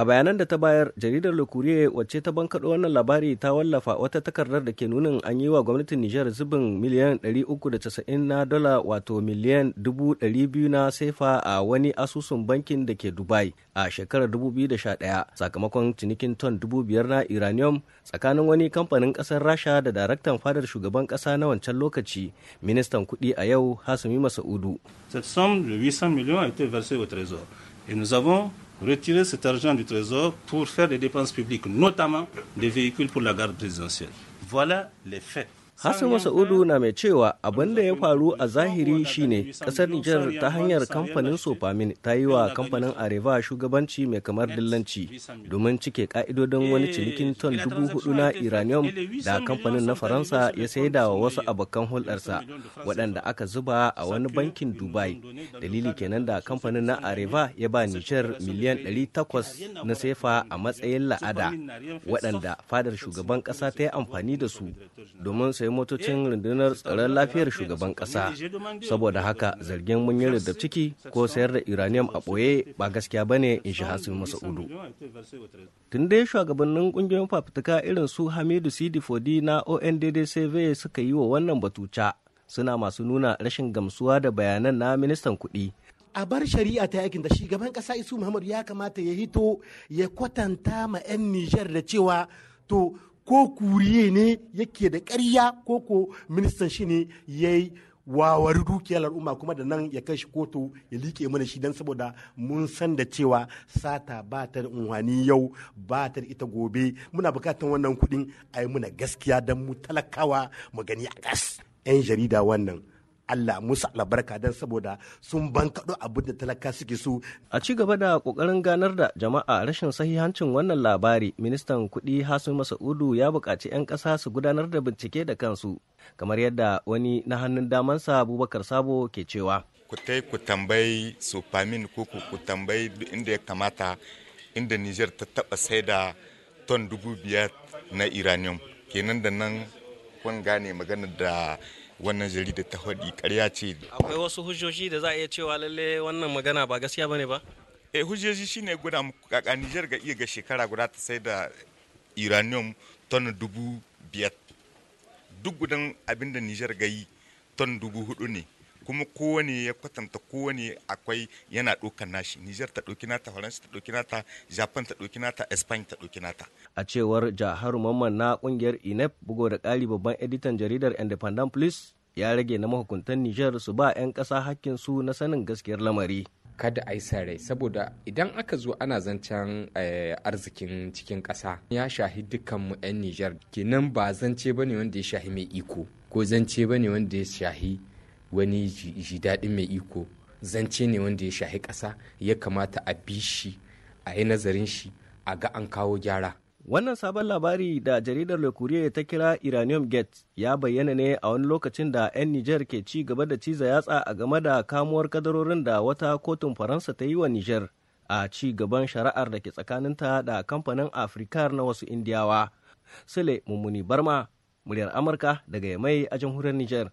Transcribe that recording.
a bayanan da ta bayar jaridar le wacce ta bankaɗo wannan labari ta wallafa wata takardar da ke nunin an yi wa gwamnatin nijar zubin miliyan 390 na dola wato miliyan 200 na sefa a wani asusun bankin da ke dubai a shekarar 2011 sakamakon cinikin ton 5,000 na uranium tsakanin wani kamfanin ƙasar rasha da daraktan fadar shugaban ƙasa na wancan lokaci ministan kuɗi a yau hasumi masaudu a retirer cet argent du Trésor pour faire des dépenses publiques, notamment des véhicules pour la garde présidentielle. Voilà les faits. Hassan Masa'udu na mai cewa abin da ya faru a zahiri shine kasar Nijar ta hanyar kamfanin Sofamin ta yi wa kamfanin Areva shugabanci mai kamar dillanci domin cike ka'idodin wani cinikin ton dubu hudu na Iranium da kamfanin na Faransa ya saida wa wasu abokan hulɗarsa waɗanda aka zuba a wani bankin Dubai. Dalili kenan da kamfanin na Areva ya ba Nijar miliyan 800 na sefa a matsayin la'ada waɗanda fadar shugaban ƙasa ta yi amfani da su domin sayo motocin eh, rundunar tsaron lafiyar shugaban kasa saboda haka zargin mun yi da ciki ko sayar da uranium a ɓoye ba gaskiya ba ne in shi hasu masa'udu tun dai shugabannin kungiyoyin fafutuka irin su hamidu sidi fodi na ondd suka yi wa wannan batuca suna masu nuna rashin gamsuwa da bayanan na ministan kuɗi a bar shari'a ta yakin da shugaban kasa isu muhammadu ya kamata ya hito ya kwatanta ma 'yan nijar da cewa to ko kuriye ne yake da karya ko ko ministan shi ne ya yi wawari dukiyar al'umma kuma da nan ya kai kotu ya liƙe mana shi don saboda mun san da cewa sata ba ta da yau ba ta da ita gobe muna bukatar wannan kuɗin a yi muna gaskiya don mu talakawa mu gani a ƙas 'yan jarida wannan Allah musu albarka don saboda sun bankaɗo abin da talaka suke so. A ci gaba da kokarin ganar da jama'a rashin sahihancin wannan labari, ministan kuɗi Hasu Masa'udu ya buƙaci 'yan ƙasa su gudanar da bincike da kansu, kamar yadda wani na hannun damansa Abubakar Sabo ke cewa. Ku tai ku tambayi famin ko ku tambayi inda ya kamata inda Nijar ta taɓa sai da ton dubu biyar na Iranium. Kenan da nan kun gane maganar da wannan jaridar ta faɗi ƙarya ce akwai wasu hujjoji da za a iya cewa lalle wannan magana ba gaskiya bane ba eh hujjoji shine guda a Niger ga iya ga shekara guda ta sai da uranium ton dubu biyar duk gudan abin da Niger ga yi ton dubu hudu ne kuma kowane ya kwatanta kowane akwai yana ɗaukan nashi Nijar ta ɗauki nata Faransa ta ɗauki nata Japan ta ɗauki nata Spain ta ɗauki nata a cewar Jaharu Mamman na kungiyar INEP bugo da ƙari babban editan jaridar Independent Police ya rage na mahukuntan Nijar su ba 'yan ƙasa hakkin su na sanin gaskiyar lamari kada a yi sarai saboda idan aka zo ana zancen eh, arzikin cikin ƙasa ya shahi dukkanmu 'yan Nijar kenan ba zance bane wanda ya shahi mai iko ko zance bane wanda ya shahi wani ji daɗin mai iko zance ne wanda ya shahi ƙasa ya kamata a bi shi a yi nazarin shi a ga an kawo gyara Wannan sabon labari da jaridar Le ta kira Iranium Gate ya bayyana ne a wani lokacin da 'yan niger ke ci gaba da ciza yatsa a game da kamuwar kadarorin da wata kotun Faransa ta yi wa niger a ci gaban shari'ar da ke tsakaninta da kamfanin Afrikar na wasu Indiyawa. Sule Mummuni Barma, muryar Amurka daga Yamai a jamhuriyar niger.